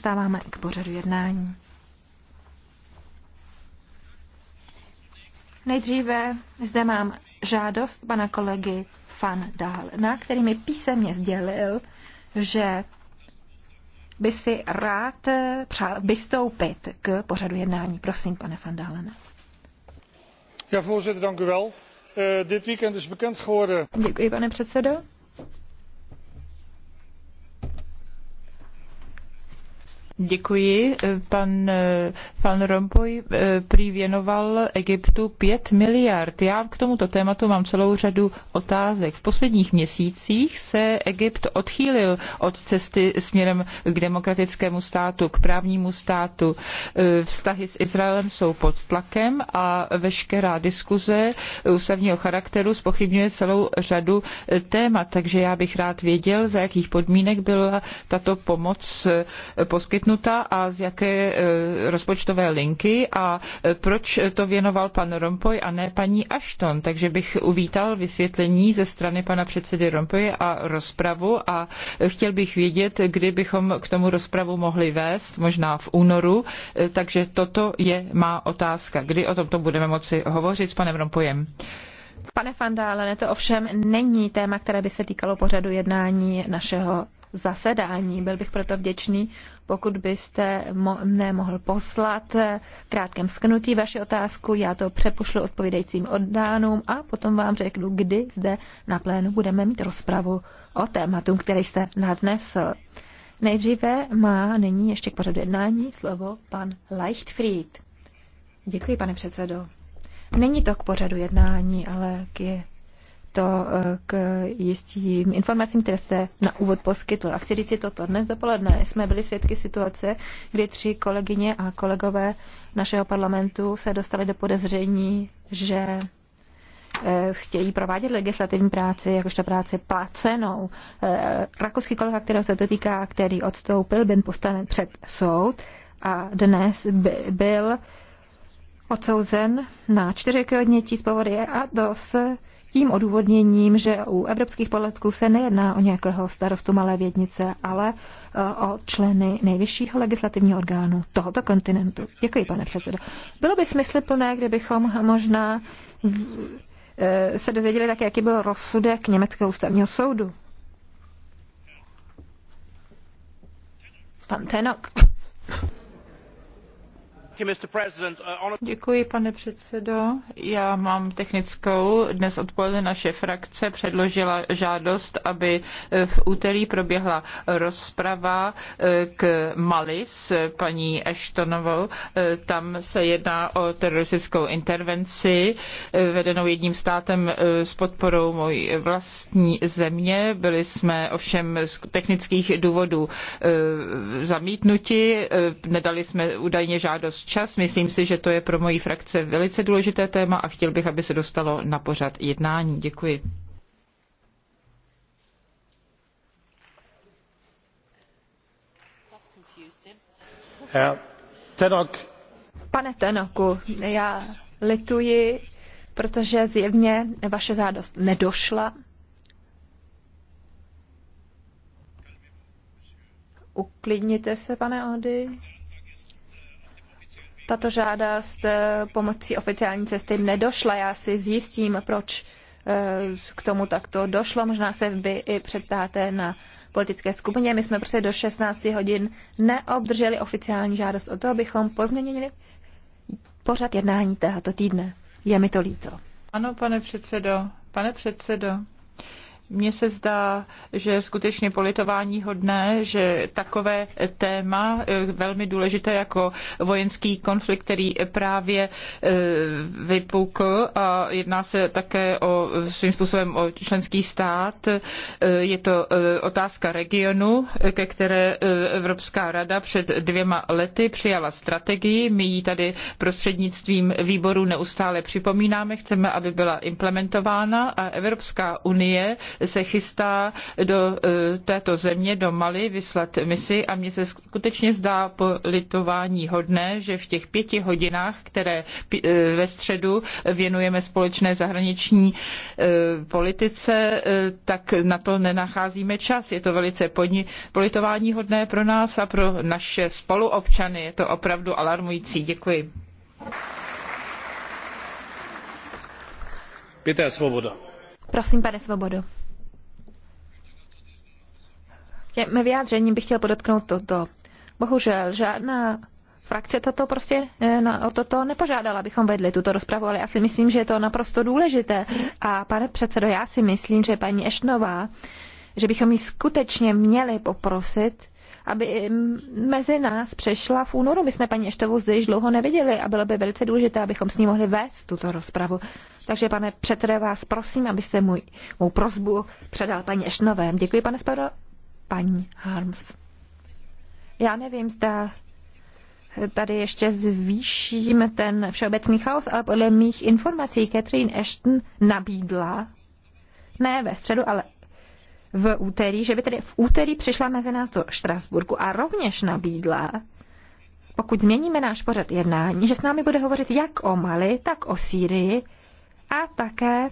Stáváme k pořadu jednání. Nejdříve zde mám žádost pana kolegy Fan Dahlena, který mi písemně sdělil, že by si rád přál vystoupit k pořadu jednání. Prosím, pane Van Dálene. Ja, voorzitter, dank u wel. Uh, dit weekend is bekend geworden. Děkuji, pane předsedo. Děkuji. Pan, pan eh, Rompuy eh, prý věnoval Egyptu 5 miliard. Já k tomuto tématu mám celou řadu otázek. V posledních měsících se Egypt odchýlil od cesty směrem k demokratickému státu, k právnímu státu. Eh, vztahy s Izraelem jsou pod tlakem a veškerá diskuze ústavního charakteru spochybňuje celou řadu témat. Takže já bych rád věděl, za jakých podmínek byla tato pomoc poskytnuta odmítnuta a z jaké e, rozpočtové linky a e, proč to věnoval pan Rompoy a ne paní Ashton. Takže bych uvítal vysvětlení ze strany pana předsedy Rompoye a rozpravu a e, chtěl bych vědět, kdy bychom k tomu rozpravu mohli vést, možná v únoru. Takže toto je má otázka. Kdy o tomto budeme moci hovořit s panem Rompojem? Pane Fandále, to ovšem není téma, které by se týkalo pořadu jednání našeho zasedání. Byl bych proto vděčný, pokud byste mo- mne mohl poslat v krátkém sknutí vaši otázku, já to přepošlu odpovídajícím oddánům a potom vám řeknu, kdy zde na plénu budeme mít rozpravu o tématu, který jste nadnesl. Nejdříve má nyní ještě k pořadu jednání slovo pan Leichtfried. Děkuji, pane předsedo. Není to k pořadu jednání, ale k je to eh, k jistým informacím, které se na úvod poskytl. A chci říct si toto. Dnes dopoledne jsme byli svědky situace, kdy tři kolegyně a kolegové našeho parlamentu se dostali do podezření, že eh, chtějí provádět legislativní práci, jakožto práci placenou. Eh, rakouský kolega, kterého se to týká, který odstoupil, byl postaven před soud a dnes by, byl odsouzen na čtyři k odnětí z povody a dos tím odůvodněním, že u evropských poletků se nejedná o nějakého starostu malé vědnice, ale eh, o členy nejvyššího legislativního orgánu tohoto kontinentu. Děkuji, pane předsedo. Bylo by smysluplné, kdybychom možná eh, se dozvěděli také, jaký byl rozsudek Německého ústavního soudu. Pan Tenok. Uh, Děkuji, pane předsedo. Já mám technickou. Dnes odpoledne naše frakce předložila žádost, aby eh, v úterý proběhla rozprava eh, k Mali s paní Ashtonovou. Eh, tam se jedná o teroristickou intervenci vedenou jedním státem s podporou mojí vlastní země. Byli jsme ovšem z technických důvodů zamítnuti. Nedali jsme údajně žádost včas. Myslím si, že to je pro moji frakce velice důležité téma a chtěl bych, aby se dostalo na pořad jednání. Děkuji. Tenok. Pane Tenoku, já lituji, protože zjevně vaše žádost nedošla. Uklidněte se, pane Ody tato žádost eh, pomocí oficiální cesty nedošla. Já si zjistím, proč eh, k tomu takto došlo. Možná se vy i přeptáte na politické skupině. My jsme prostě do 16 hodin neobdrželi oficiální žádost o to, abychom pozměnili pořad jednání tohoto týdne. Je mi to líto. Ano, pane předsedo. Pane předsedo, mně se zdá, že je skutečně politování hodné, že takové téma, eh, velmi důležité jako vojenský konflikt, který právě eh, vypukl a jedná se také o svým způsobem o členský stát, eh, je to otázka regionu, ke které Evropská rada před dvěma lety přijala strategii. My ji tady prostřednictvím výboru neustále připomínáme, chceme, aby byla implementována a Evropská unie se chystá do e, této země, do Mali, vyslat misi a mně se skutečně zdá politování hodné, že v těch pěti hodinách, které e, ve středu věnujeme společné zahraniční e, politice, tak na to nenacházíme čas. Je to velice politování hodné pro nás a pro naše spoluobčany. Je to opravdu alarmující. Děkuji. Peter Svoboda. Prosím, pane Svobodo. Těm vyjádřením bych chtěl podotknout toto. Bohužel žádná frakce toto prostě eh, na, o toto nepožádala, abychom vedli tuto rozpravu, ale já si myslím, že je to naprosto důležité. A pane předsedo, já si myslím, že paní Ešnová, že bychom ji skutečně měli poprosit, aby eh, mezi nás přešla v únoru. My jsme paní Eštovou zde již dlouho neviděli a bylo by velice důležité, abychom s ní mohli vést tuto rozpravu. Takže pane předsedo, vás prosím, abyste můj, mou prozbu předal paní Ešnové. Děkuji, pane Spadal paní Harms. Já nevím, zda tady ještě zvýším ten všeobecný chaos, ale podle mých informací Catherine Ashton nabídla, ne ve středu, ale v úterý, že by tedy v úterý přišla mezi nás do Štrasburku a rovněž nabídla, pokud změníme náš pořad jednání, že s námi bude hovořit jak o Mali, tak o Sýrii a také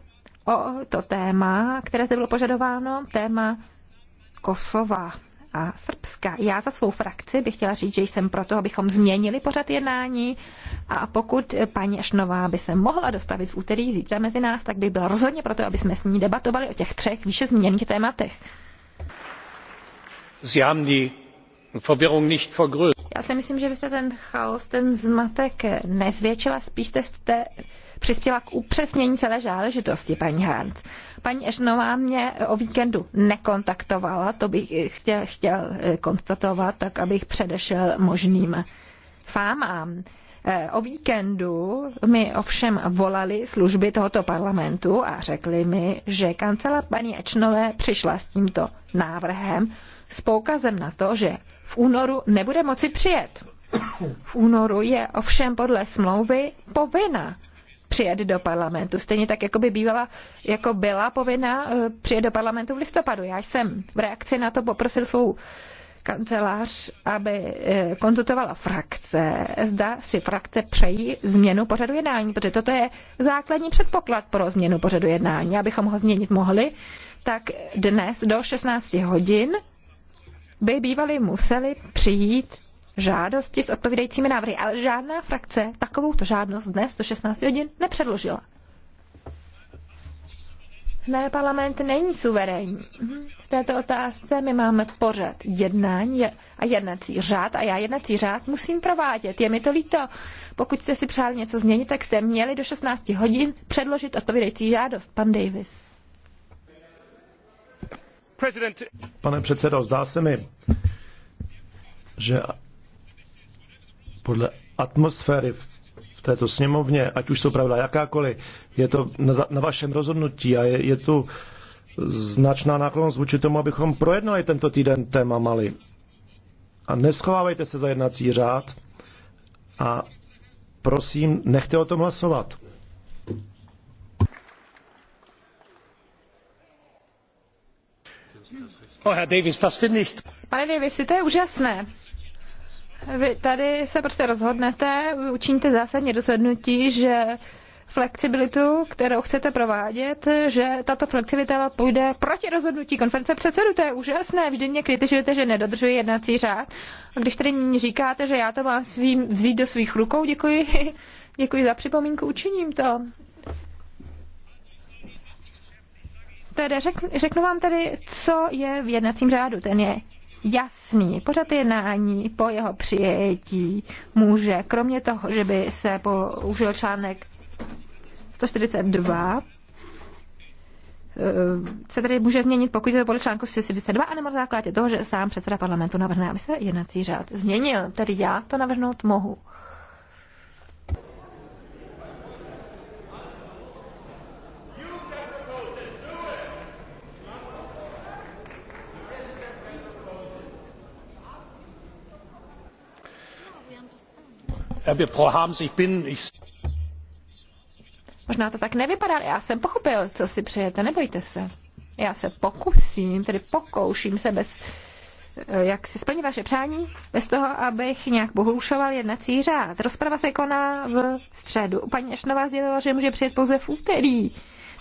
o to téma, které zde bylo požadováno, téma Kosova a Srbska. Já za svou frakci bych chtěla říct, že jsem proto, abychom změnili pořad jednání a pokud paní Ešnová by se mohla dostavit v úterý zítra mezi nás, tak bych byla rozhodně proto, aby jsme s ní debatovali o těch třech výše změněných tématech. Sie haben die Verwirrung nicht vergrößert. Já si myslím, že byste ten chaos, ten zmatek nezvětšila, spíš jste přispěla k upřesnění celé záležitosti, paní Hans. Paní Ešnová mě o víkendu nekontaktovala, to bych chtěl, chtěl eh, konstatovat, tak abych předešel možným fámám. Eh, o víkendu mi ovšem volali služby tohoto parlamentu a řekli mi, že kancela paní Ečnové přišla s tímto návrhem s poukazem na to, že v únoru nebude moci přijet. V únoru je ovšem podle smlouvy povinna přijet do parlamentu. Stejně tak, jako by bývala, jako byla povinna eh, přijet do parlamentu v listopadu. Já jsem v reakci na to poprosil svou kancelář, aby eh, konzultovala frakce, zda si frakce přejí změnu pořadu jednání, protože toto je základní předpoklad pro změnu pořadu jednání. Abychom ho změnit mohli, tak dnes do 16 hodin by bývali museli přijít žádosti s odpovídajícími návrhy, ale žádná frakce takovouto žádnost dnes do 16 hodin nepředložila. Ne, parlament není suverénní. Mhm. V této otázce my máme pořad jednání a jednací řád a já jednací řád musím provádět. Je mi to líto. Pokud jste si přáli něco změnit, tak jste měli do 16 hodin předložit odpovídající žádost. Pan Davis. Pane předsedo, zdá se mi, že podle atmosféry v této sněmovně, ať už jsou pravda jakákoliv, je to na, na vašem rozhodnutí a je, je tu značná náklonost vůči tomu, abychom projednali tento týden téma Mali. A neschovávejte se za jednací řád a prosím, nechte o tom hlasovat. Oh, Pane Davis, to je úžasné. Vy tady se prostě rozhodnete, učiníte zásadně rozhodnutí, že flexibilitu, kterou chcete provádět, že tato flexibilita půjde proti rozhodnutí konference předsedu. To je úžasné. Vždy mě kritizujete, že nedodržuji jednací řád. A když tedy říkáte, že já to mám svým vzít do svých rukou, děkuji, děkuji za připomínku, učiním to. Tedy řek, řeknu vám tedy, co je v jednacím řádu. Ten je jasný. Pořad jednání po jeho přijetí může, kromě toho, že by se použil článek 142, eh, se tedy může změnit, pokud je to podle článku 142, anebo na základě toho, že sám předseda parlamentu navrhne, aby se jednací řád změnil. Tedy já to navrhnout mohu. Eh, Možná to tak nevypadá, ale já jsem pochopil, co si přejete, nebojte se. Já se pokusím, tedy pokouším se bez, eh, jak si splnit vaše přání, bez toho, abych nějak bohlušoval jednací řád. Rozprava se koná v středu. Paní Ešnová sdělila, že může přijet pouze v úterý.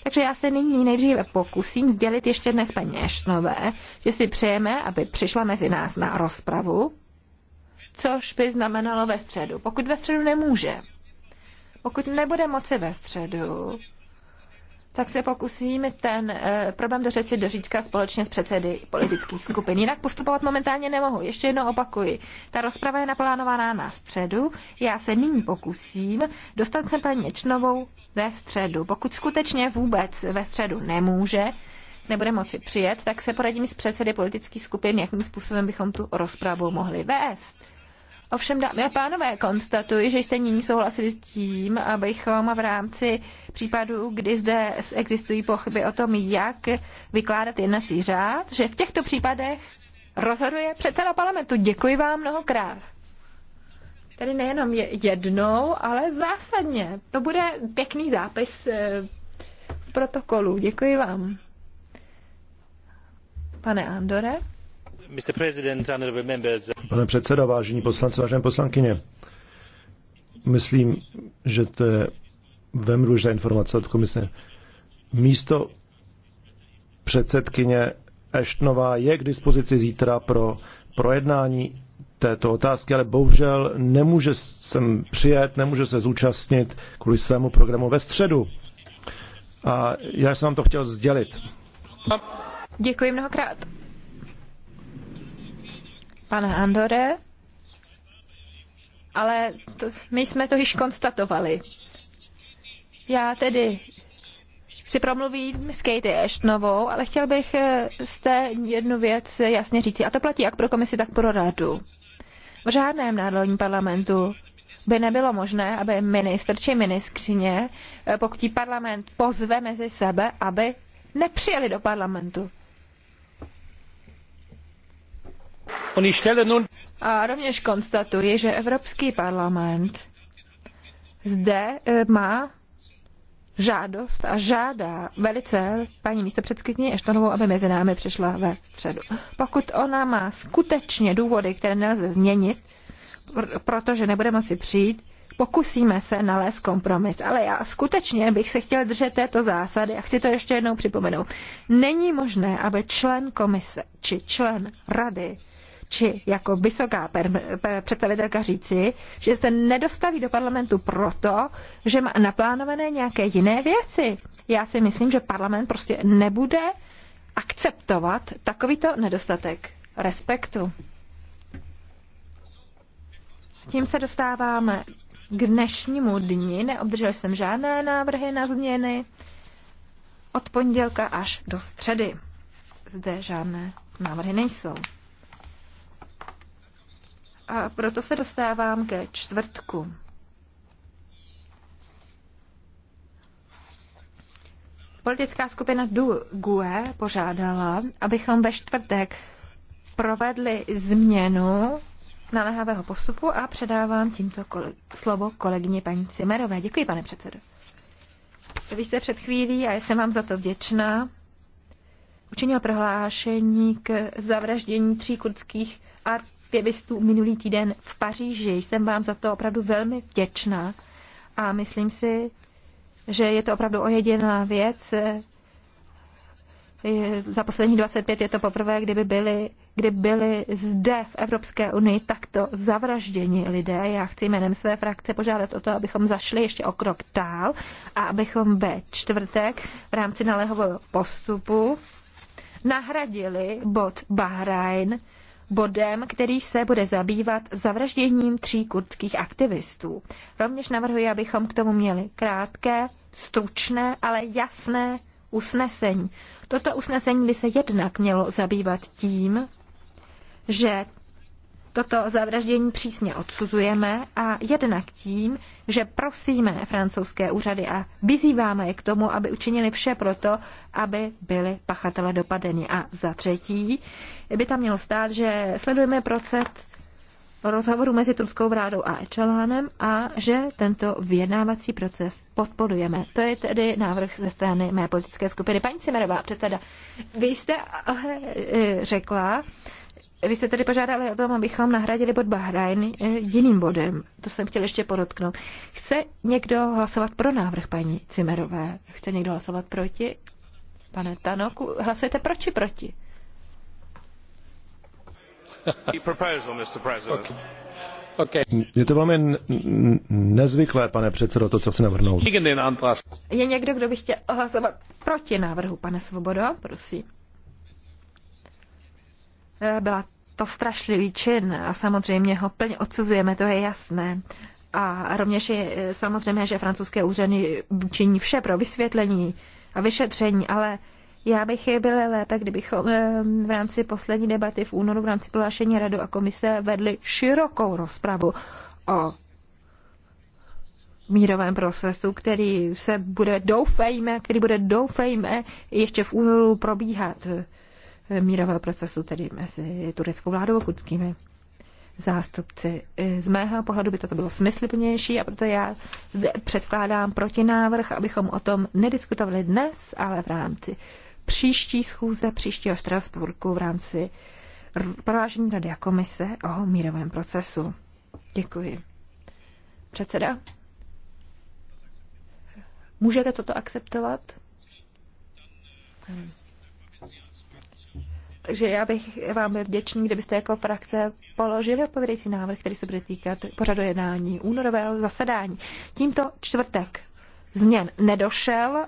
Takže já se nyní nejdříve pokusím sdělit ještě dnes paní Ešnové, že si přejeme, aby přišla mezi nás na rozpravu což by znamenalo ve středu. Pokud ve středu nemůže, pokud nebude moci ve středu, tak se pokusím ten e, problém dořečit do říčka společně s předsedy politických skupin. Jinak postupovat momentálně nemohu. Ještě jednou opakuji. Ta rozprava je naplánovaná na středu. Já se nyní pokusím dostat se paní Něčnovou ve středu. Pokud skutečně vůbec ve středu nemůže, nebude moci přijet, tak se poradím s předsedy politických skupin, jakým způsobem bychom tu rozpravu mohli vést. Ovšem, dámy a pánové, konstatuji, že jste nyní souhlasili s tím, abychom v rámci případů, kdy zde existují pochyby o tom, jak vykládat jednací řád, že v těchto případech rozhoduje předseda parlamentu. Děkuji vám mnohokrát. Tedy nejenom jednou, ale zásadně. To bude pěkný zápis v eh, protokolu. Děkuji vám. Pane Andore. Pane předsedo, vážení poslanci, vážené poslankyně, myslím, že to je velmi důležitá informace od komise. Místo předsedkyně Eštnová je k dispozici zítra pro projednání této otázky, ale bohužel nemůže sem přijet, nemůže se zúčastnit kvůli svému programu ve středu. A já jsem vám to chtěl sdělit. Děkuji mnohokrát. Pane Andore, ale to, my jsme to již konstatovali. Já tedy si promluvím s Katie Ashtonovou, ale chtěl bych té eh, jednu věc jasně říci. A to platí jak pro komisi, tak pro radu. V žádném národním parlamentu by nebylo možné, aby ministr či ministřině, eh, pokud parlament pozve mezi sebe, aby nepřijeli do parlamentu. A rovněž konstatuji, že Evropský parlament zde e, má žádost a žádá velice paní místopředsedkyni Eštonovou, aby mezi námi přišla ve středu. Pokud ona má skutečně důvody, které nelze změnit, protože nebude moci přijít, pokusíme se nalézt kompromis. Ale já skutečně bych se chtěl držet této zásady a chci to ještě jednou připomenout. Není možné, aby člen komise či člen rady či jako vysoká představitelka říci, že se nedostaví do parlamentu proto, že má naplánované nějaké jiné věci. Já si myslím, že parlament prostě nebude akceptovat takovýto nedostatek respektu. Tím se dostáváme k dnešnímu dni. Neobdržel jsem žádné návrhy na změny od pondělka až do středy. Zde žádné návrhy nejsou. A proto se dostávám ke čtvrtku. Politická skupina GUE požádala, abychom ve čtvrtek provedli změnu naléhavého postupu a předávám tímto kole- slovo kolegyně paní Cimerové. Děkuji, pane předsedo. Vy jste před chvílí, a jsem vám za to vděčná, učinil prohlášení k zavraždění tří kurdských pěvistů minulý týden v Paříži. Jsem vám za to opravdu velmi vděčná a myslím si, že je to opravdu ojediná věc. Za poslední 25 je to poprvé, kdyby byli, kdy byli zde v Evropské unii takto zavražděni lidé. Já chci jménem své frakce požádat o to, abychom zašli ještě o krok dál a abychom ve čtvrtek v rámci nalehového postupu nahradili bod Bahrajn bodem, který se bude zabývat zavražděním tří kurdských aktivistů. Rovněž navrhuji, abychom k tomu měli krátké, stručné, ale jasné usnesení. Toto usnesení by se jednak mělo zabývat tím, že Toto zavraždění přísně odsuzujeme a jednak tím, že prosíme francouzské úřady a vyzýváme je k tomu, aby učinili vše proto, aby byly pachatele dopadeny. A za třetí by tam mělo stát, že sledujeme proces rozhovoru mezi turskou vládou a Ečelánem a že tento vyjednávací proces podporujeme. To je tedy návrh ze strany mé politické skupiny. Paní Cimerová, předseda, vy jste ale e, řekla, vy jste tady požádali o tom, abychom nahradili bod Bahrajn eh, jiným bodem. To jsem chtěl ještě podotknout. Chce někdo hlasovat pro návrh paní Cimerové? Chce někdo hlasovat proti? Pane Tanoku, hlasujete pro či proti? Je to velmi nezvyklé, pane předsedo, to, co chci navrhnout. Je někdo, kdo by chtěl hlasovat proti návrhu, pane Svobodo? Prosím. Eh, byla to strašlivý čin a samozřejmě ho plně odsuzujeme, to je jasné. A rovněž je eh, samozřejmě, že francouzské úřady činí vše pro vysvětlení a vyšetření, ale já bych je byla lépe, kdybychom eh, v rámci poslední debaty v únoru v rámci prohlášení radu a komise vedli širokou rozpravu o mírovém procesu, který se bude, doufejme, který bude, doufejme, ještě v únoru probíhat mírového procesu, tedy mezi tureckou vládou a kurdskými zástupci. Z mého pohledu by toto bylo smysluplnější a proto já předkládám protinávrh, abychom o tom nediskutovali dnes, ale v rámci příští schůze, příštího Štrasburku v rámci prohlášení Rady a komise o mírovém procesu. Děkuji. Předseda? Můžete toto akceptovat? Hmm že já bych vám byl vděčný, kdybyste jako frakce položili odpovědající návrh, který se bude týkat pořadu jednání únorového zasedání. Tímto čtvrtek změn nedošel.